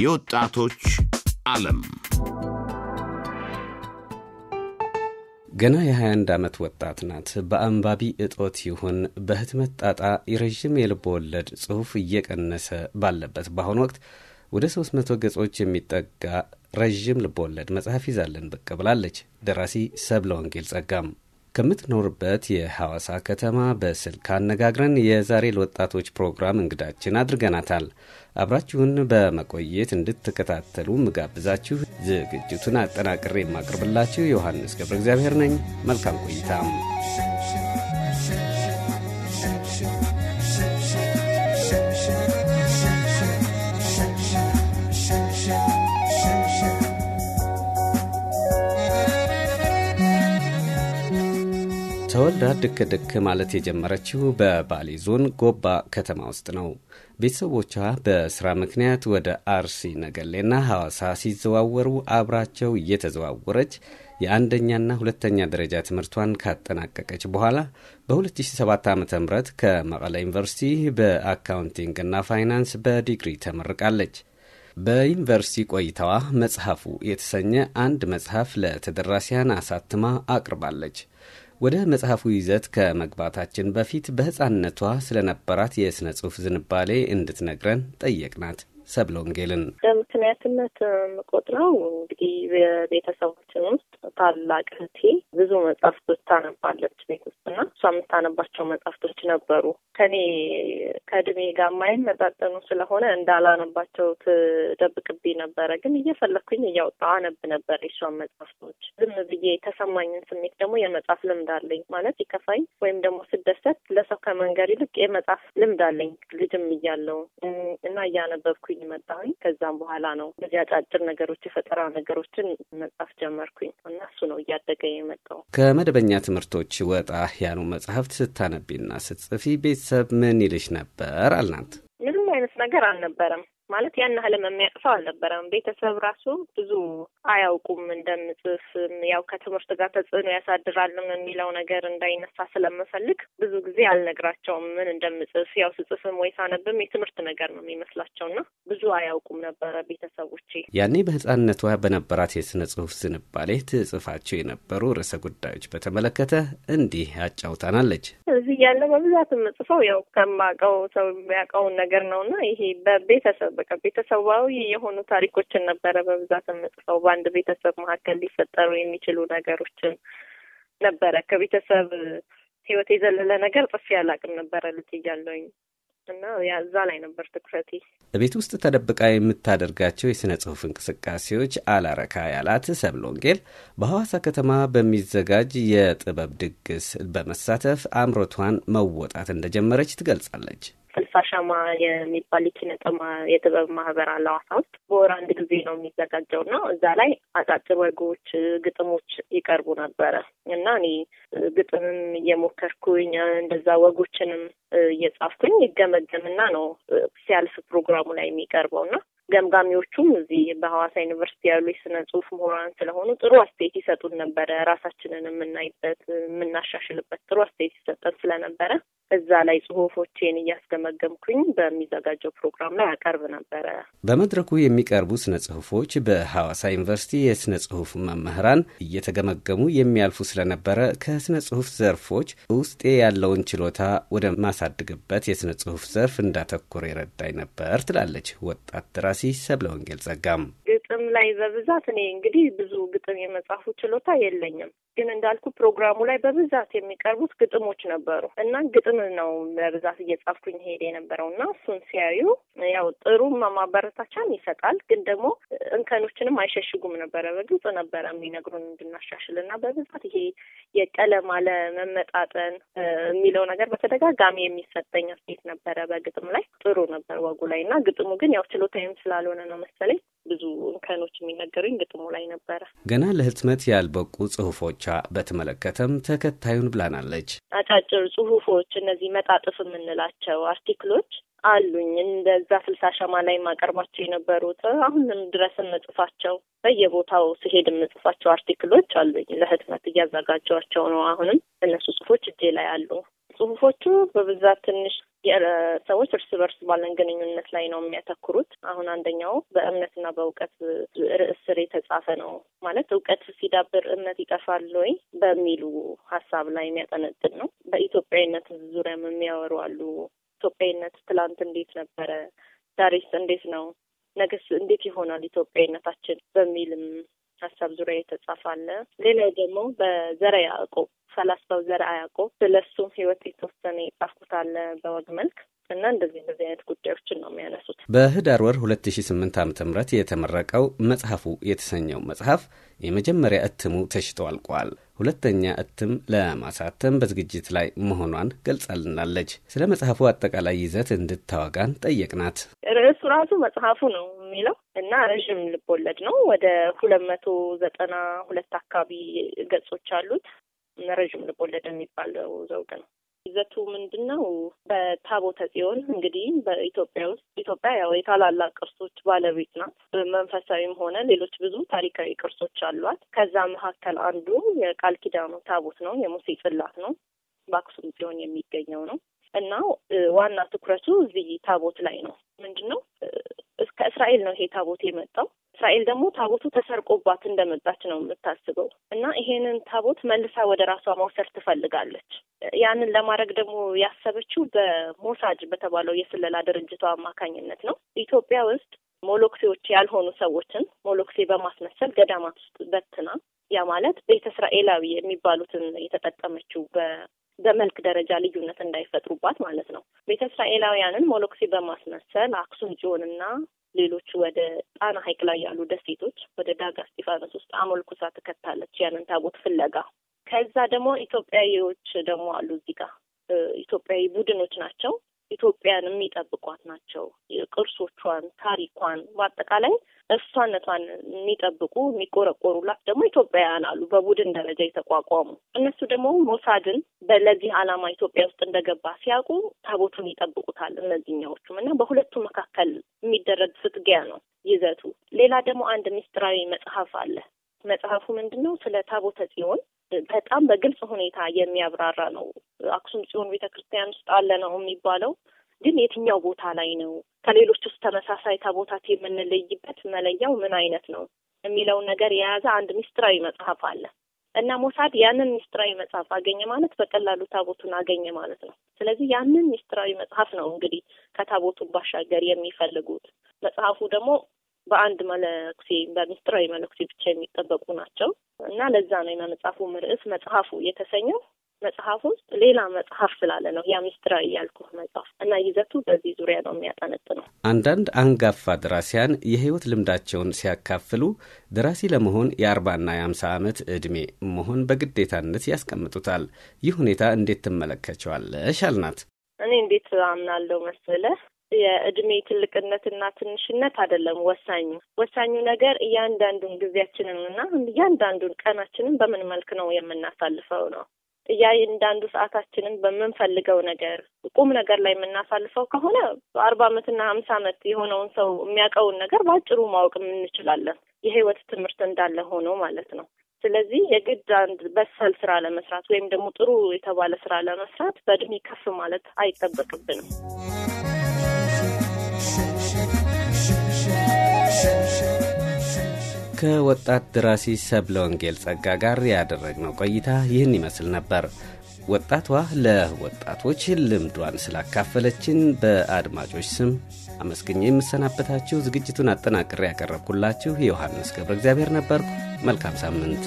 የወጣቶች ዓለም ገና የ21 ዓመት ወጣት ናት። በአንባቢ እጦት ይሁን በህትመት ጣጣ የረዥም የልብ ወለድ ጽሑፍ እየቀነሰ ባለበት በአሁኑ ወቅት ወደ 300 ገጾች የሚጠጋ ረዥም ልብ ወለድ መጽሐፍ ይዛለን ብቅ ብላለች። ደራሲ ሰብለ ወንጌል ጸጋም ከምትኖርበት የሐዋሳ ከተማ በስልክ አነጋግረን የዛሬ ለወጣቶች ፕሮግራም እንግዳችን አድርገናታል። አብራችሁን በመቆየት እንድትከታተሉ ምጋብዛችሁ። ዝግጅቱን አጠናቅሬ የማቅርብላችሁ ዮሐንስ ገብረ እግዚአብሔር ነኝ። መልካም ቆይታም ተወልዳ ድክ ድክ ማለት የጀመረችው በባሌ ዞን ጎባ ከተማ ውስጥ ነው። ቤተሰቦቿ በስራ ምክንያት ወደ አርሲ ነገሌና ሐዋሳ ሲዘዋወሩ አብራቸው እየተዘዋወረች የአንደኛና ሁለተኛ ደረጃ ትምህርቷን ካጠናቀቀች በኋላ በ2007 ዓ ም ከመቀለ ዩኒቨርሲቲ በአካውንቲንግና ፋይናንስ በዲግሪ ተመርቃለች። በዩኒቨርሲቲ ቆይታዋ መጽሐፉ የተሰኘ አንድ መጽሐፍ ለተደራሲያን አሳትማ አቅርባለች። ወደ መጽሐፉ ይዘት ከመግባታችን በፊት በሕፃንነቷ ስለነበራት የሥነ ጽሑፍ ዝንባሌ እንድትነግረን ጠየቅናት። ሰብለ ወንጌልን በምክንያትነት የምቆጥረው እንግዲህ በቤተሰቦችን ውስጥ ታላቅ እህቴ ብዙ መጽሐፍቶች ታነባለች ቤት ውስጥ እና እሷ የምታነባቸው መጽሐፍቶች ነበሩ። ከኔ ከእድሜ ጋር የማይመጣጠኑ ስለሆነ እንዳላነባቸው ትደብቅብኝ ነበረ። ግን እየፈለግኩኝ እያወጣሁ አነብ ነበር የእሷን መጽሐፍቶች። ዝም ብዬ የተሰማኝን ስሜት ደግሞ የመጽሐፍ ልምድ አለኝ ማለት ይከፋኝ ወይም ደግሞ ስደሰት ለሰው ከመንገር ይልቅ የመጽሐፍ ልምድ አለኝ ልጅም እያለው እና እያነበብኩኝ መጣሁኝ። ከዛም በኋላ ነው በዚህ አጫጭር ነገሮች የፈጠራ ነገሮችን መጽሐፍ ጀመርኩኝ። እና እሱ ነው እያደገ የመጣው። ከመደበኛ ትምህርቶች ወጣ ያሉ መጽሐፍት ስታነቢና ስትጽፊ ቤተሰብ ምን ይልሽ ነበር? አልናት። ምንም አይነት ነገር አልነበረም። ማለት ያን ያህልም የሚያቅፈው አልነበረም። ቤተሰብ ራሱ ብዙ አያውቁም እንደምጽፍም ያው ከትምህርት ጋር ተጽዕኖ ያሳድራልም የሚለው ነገር እንዳይነሳ ስለምፈልግ ብዙ ጊዜ አልነግራቸውም ምን እንደምጽፍ። ያው ስጽፍም ወይ ሳነብም የትምህርት ነገር ነው የሚመስላቸውና ብዙ አያውቁም ነበረ ቤተሰቦቼ። ያኔ በህጻንነቷ በነበራት የስነ ጽሁፍ ዝንባሌ ትጽፋቸው የነበሩ ርዕሰ ጉዳዮች በተመለከተ እንዲህ አጫውታናለች እዚህ ያለ በብዛት የምጽፈው ያው ከማውቀው ሰው የሚያውቀውን ነገር ነውና ይሄ በቤተሰብ በቃ ቤተሰባዊ የሆኑ ታሪኮችን ነበረ በብዛት የምጽፈው። በአንድ ቤተሰብ መካከል ሊፈጠሩ የሚችሉ ነገሮችን ነበረ። ከቤተሰብ ህይወት የዘለለ ነገር ጽፌ አላቅም ነበረ ልጅ እያለሁኝ እና እዛ ላይ ነበር ትኩረቴ። እቤት ውስጥ ተደብቃ የምታደርጋቸው የሥነ ጽሑፍ እንቅስቃሴዎች አላረካ ያላት ሰብለ ወንጌል በሐዋሳ ከተማ በሚዘጋጅ የጥበብ ድግስ በመሳተፍ አእምሮቷን መወጣት እንደጀመረች ትገልጻለች። ስልሳ የሚባል የኪነጥማ የጥበብ ማህበር አለ ሐዋሳ ውስጥ። በወር አንድ ጊዜ ነው የሚዘጋጀው እና እዛ ላይ አጫጭር ወጎች፣ ግጥሞች ይቀርቡ ነበረ እና እኔ ግጥምም እየሞከርኩኝ እንደዛ ወጎችንም እየጻፍኩኝ ይገመገምና ነው ሲያልፍ ፕሮግራሙ ላይ የሚቀርበው እና ገምጋሚዎቹም እዚህ በሐዋሳ ዩኒቨርሲቲ ያሉ የስነ ጽሁፍ ምሁራን ስለሆኑ ጥሩ አስተያየት ይሰጡን ነበረ። ራሳችንን የምናይበት የምናሻሽልበት ጥሩ አስተያየት ይሰጠን ስለነበረ እዛ ላይ ጽሁፎቼን እያስገመገምኩኝ በሚዘጋጀው ፕሮግራም ላይ አቀርብ ነበረ። በመድረኩ የሚቀርቡ ስነ ጽሁፎች በሐዋሳ ዩኒቨርሲቲ የስነ ጽሁፍ መምህራን እየተገመገሙ የሚያልፉ ስለነበረ ከስነ ጽሁፍ ዘርፎች ውስጤ ያለውን ችሎታ ወደ ማሳድግበት የስነ ጽሁፍ ዘርፍ እንዳተኮር የረዳኝ ነበር ትላለች ወጣት ደራሲ ደምሴ ሰብለ ጸጋም ግጥም ላይ በብዛት እኔ እንግዲህ ብዙ ግጥም የመጻፉ ችሎታ የለኝም፣ ግን እንዳልኩ ፕሮግራሙ ላይ በብዛት የሚቀርቡት ግጥሞች ነበሩ እና ግጥም ነው በብዛት እየጻፍኩኝ ሄድ የነበረው እና እሱን ሲያዩ ያው ጥሩ ማበረታቻም ይሰጣል፣ ግን ደግሞ እንከኖችንም አይሸሽጉም ነበረ። በግልጽ ነበረ የሚነግሩን እንድናሻሽል እና በብዛት ይሄ የቀለም ለመመጣጠን የሚለው ነገር በተደጋጋሚ የሚሰጠኝ አስተያየት ነበረ። በግጥም ላይ ጥሩ ነበር ወጉ ላይ እና ግጥሙ ግን ያው ችሎታዬም ስላልሆነ ነው መሰለኝ ብዙ እንከኖች የሚነገሩኝ ግጥሙ ላይ ነበረ። ገና ለህትመት ያልበቁ ጽሁፎቿ በተመለከተም ተከታዩን ብላናለች። አጫጭር ጽሁፎች እነዚህ መጣጥፍ የምንላቸው አርቲክሎች አሉኝ እንደዛ ስልሳ ሸማ ላይ ማቀርባቸው የነበሩት አሁንም ድረስ የምጽፋቸው በየቦታው ስሄድ የምጽፋቸው አርቲክሎች አሉኝ። ለህትመት እያዘጋጀኋቸው ነው። አሁንም እነሱ ጽሁፎች እጄ ላይ አሉ። ጽሁፎቹ በብዛት ትንሽ በርስ ባለን ግንኙነት ላይ ነው የሚያተኩሩት። አሁን አንደኛው በእምነትና በእውቀት ርዕስ ስር የተጻፈ ነው ማለት እውቀት ሲዳብር እምነት ይጠፋል ወይ በሚሉ ሀሳብ ላይ የሚያጠነጥን ነው። በኢትዮጵያዊነት ዙሪያም የሚያወሩ አሉ። ኢትዮጵያዊነት ትላንት እንዴት ነበረ? ዛሬስ እንዴት ነው? ነገስ እንዴት ይሆናል ኢትዮጵያዊነታችን በሚልም ሀሳብ ዙሪያ የተጻፈ አለ። ሌላው ደግሞ በዘረ ያዕቆብ ፈላስፋው ዘረ ያዕቆብ ስለ እሱም የተወሰነ የጻፍኩት አለ በወግ መልክ እና እንደዚህ እንደዚህ አይነት ጉዳዮችን ነው የሚያነሱት። በህዳር ወር ሁለት ሺ ስምንት የተመረቀው መጽሐፉ የተሰኘው መጽሐፍ የመጀመሪያ እትሙ ተሽጦ አልቋል። ሁለተኛ እትም ለማሳተም በዝግጅት ላይ መሆኗን ገልጻልናለች። ስለ መጽሐፉ አጠቃላይ ይዘት እንድታወጋን ጠየቅናት። ርዕሱ ራሱ መጽሐፉ ነው የሚለው እና ረዥም ልቦለድ ነው። ወደ ሁለት መቶ ዘጠና ሁለት አካባቢ ገጾች አሉት። ረዥም ልቦለድ የሚባለው ዘውግ ነው። ይዘቱ ምንድን ነው? በታቦተ ጽዮን እንግዲህ በኢትዮጵያ ውስጥ ኢትዮጵያ ያው የታላላቅ ቅርሶች ባለቤት ናት። መንፈሳዊም ሆነ ሌሎች ብዙ ታሪካዊ ቅርሶች አሏት። ከዛ መካከል አንዱ የቃል ኪዳኑ ታቦት ነው። የሙሴ ጽላት ነው። በአክሱም ጽዮን የሚገኘው ነው እና ዋና ትኩረቱ እዚህ ታቦት ላይ ነው። ምንድን ነው እስከ እስራኤል ነው ይሄ ታቦት የመጣው። እስራኤል ደግሞ ታቦቱ ተሰርቆባት እንደመጣች ነው የምታስበው እና ይሄንን ታቦት መልሳ ወደ ራሷ መውሰድ ትፈልጋለች። ያንን ለማድረግ ደግሞ ያሰበችው በሞሳጅ በተባለው የስለላ ድርጅቷ አማካኝነት ነው። ኢትዮጵያ ውስጥ ሞሎክሴዎች ያልሆኑ ሰዎችን ሞሎክሴ በማስመሰል ገዳማት ውስጥ በትና ያ ማለት ቤተ እስራኤላዊ የሚባሉትን የተጠቀመችው በመልክ ደረጃ ልዩነት እንዳይፈጥሩባት ማለት ነው። ቤተ እስራኤላውያንን ሞሎክሴ በማስመሰል አክሱም ጽዮንና ሌሎች ወደ ጣና ሐይቅ ላይ ያሉ ደሴቶች ወደ ዳጋ እስጢፋኖስ ውስጥ አሞልኩሳ ትከታለች ያንን ታቦት ፍለጋ ከዛ ደግሞ ኢትዮጵያዊዎች ደግሞ አሉ እዚህ ጋር ኢትዮጵያዊ ቡድኖች ናቸው። ኢትዮጵያን የሚጠብቋት ናቸው። ቅርሶቿን፣ ታሪኳን በአጠቃላይ እሷነቷን የሚጠብቁ የሚቆረቆሩላት ደግሞ ኢትዮጵያውያን አሉ፣ በቡድን ደረጃ የተቋቋሙ እነሱ ደግሞ ሞሳድን በለዚህ ዓላማ ኢትዮጵያ ውስጥ እንደገባ ሲያውቁ ታቦቱን ይጠብቁታል። እነዚህኛዎቹም እና በሁለቱ መካከል የሚደረግ ፍትጊያ ነው ይዘቱ። ሌላ ደግሞ አንድ ምስጢራዊ መጽሐፍ አለ። መጽሐፉ ምንድን ነው? ስለ ታቦተ ጽዮን በጣም በግልጽ ሁኔታ የሚያብራራ ነው። አክሱም ጽዮን ቤተ ክርስቲያን ውስጥ አለ ነው የሚባለው፣ ግን የትኛው ቦታ ላይ ነው? ከሌሎች ውስጥ ተመሳሳይ ታቦታት የምንለይበት መለያው ምን አይነት ነው የሚለውን ነገር የያዘ አንድ ሚስጥራዊ መጽሐፍ አለ እና ሞሳድ ያንን ሚስጥራዊ መጽሐፍ አገኘ ማለት በቀላሉ ታቦቱን አገኘ ማለት ነው። ስለዚህ ያንን ሚስጥራዊ መጽሐፍ ነው እንግዲህ ከታቦቱ ባሻገር የሚፈልጉት። መጽሐፉ ደግሞ በአንድ መለኩሴ በምስጢራዊ መለኩሴ ብቻ የሚጠበቁ ናቸው እና ለዛ ነው የመጽሐፉ ርዕስ መጽሐፉ የተሰኘው። መጽሐፍ ውስጥ ሌላ መጽሐፍ ስላለ ነው ያ ምስጢራዊ ያልኩህ መጽሐፍ እና ይዘቱ በዚህ ዙሪያ ነው የሚያጠነጥነው። አንዳንድ አንጋፋ ደራሲያን የህይወት ልምዳቸውን ሲያካፍሉ ደራሲ ለመሆን የአርባና የአምሳ ዓመት ዕድሜ መሆን በግዴታነት ያስቀምጡታል። ይህ ሁኔታ እንዴት ትመለከቸዋለሽ? አልናት። እኔ እንዴት አምናለው መሰለህ የእድሜ ትልቅነትና ትንሽነት አይደለም ወሳኙ። ወሳኙ ነገር እያንዳንዱን ጊዜያችንን እና እያንዳንዱን ቀናችንን በምን መልክ ነው የምናሳልፈው ነው። እያንዳንዱ ሰዓታችንን በምንፈልገው ነገር ቁም ነገር ላይ የምናሳልፈው ከሆነ አርባ ዓመትና ሀምሳ ዓመት የሆነውን ሰው የሚያውቀውን ነገር በአጭሩ ማወቅ እንችላለን። የህይወት ትምህርት እንዳለ ሆኖ ማለት ነው። ስለዚህ የግድ አንድ በሰል ስራ ለመስራት ወይም ደግሞ ጥሩ የተባለ ስራ ለመስራት በእድሜ ከፍ ማለት አይጠበቅብንም። ከወጣት ደራሲ ሰብለ ወንጌል ጸጋ ጋር ያደረግነው ቆይታ ይህን ይመስል ነበር። ወጣቷ ለወጣቶች ልምዷን ስላካፈለችን በአድማጮች ስም አመስግኜ የምሰናበታችሁ ዝግጅቱን አጠናቅሬ ያቀረብኩላችሁ የዮሐንስ ገብረ እግዚአብሔር ነበርኩ። መልካም ሳምንት።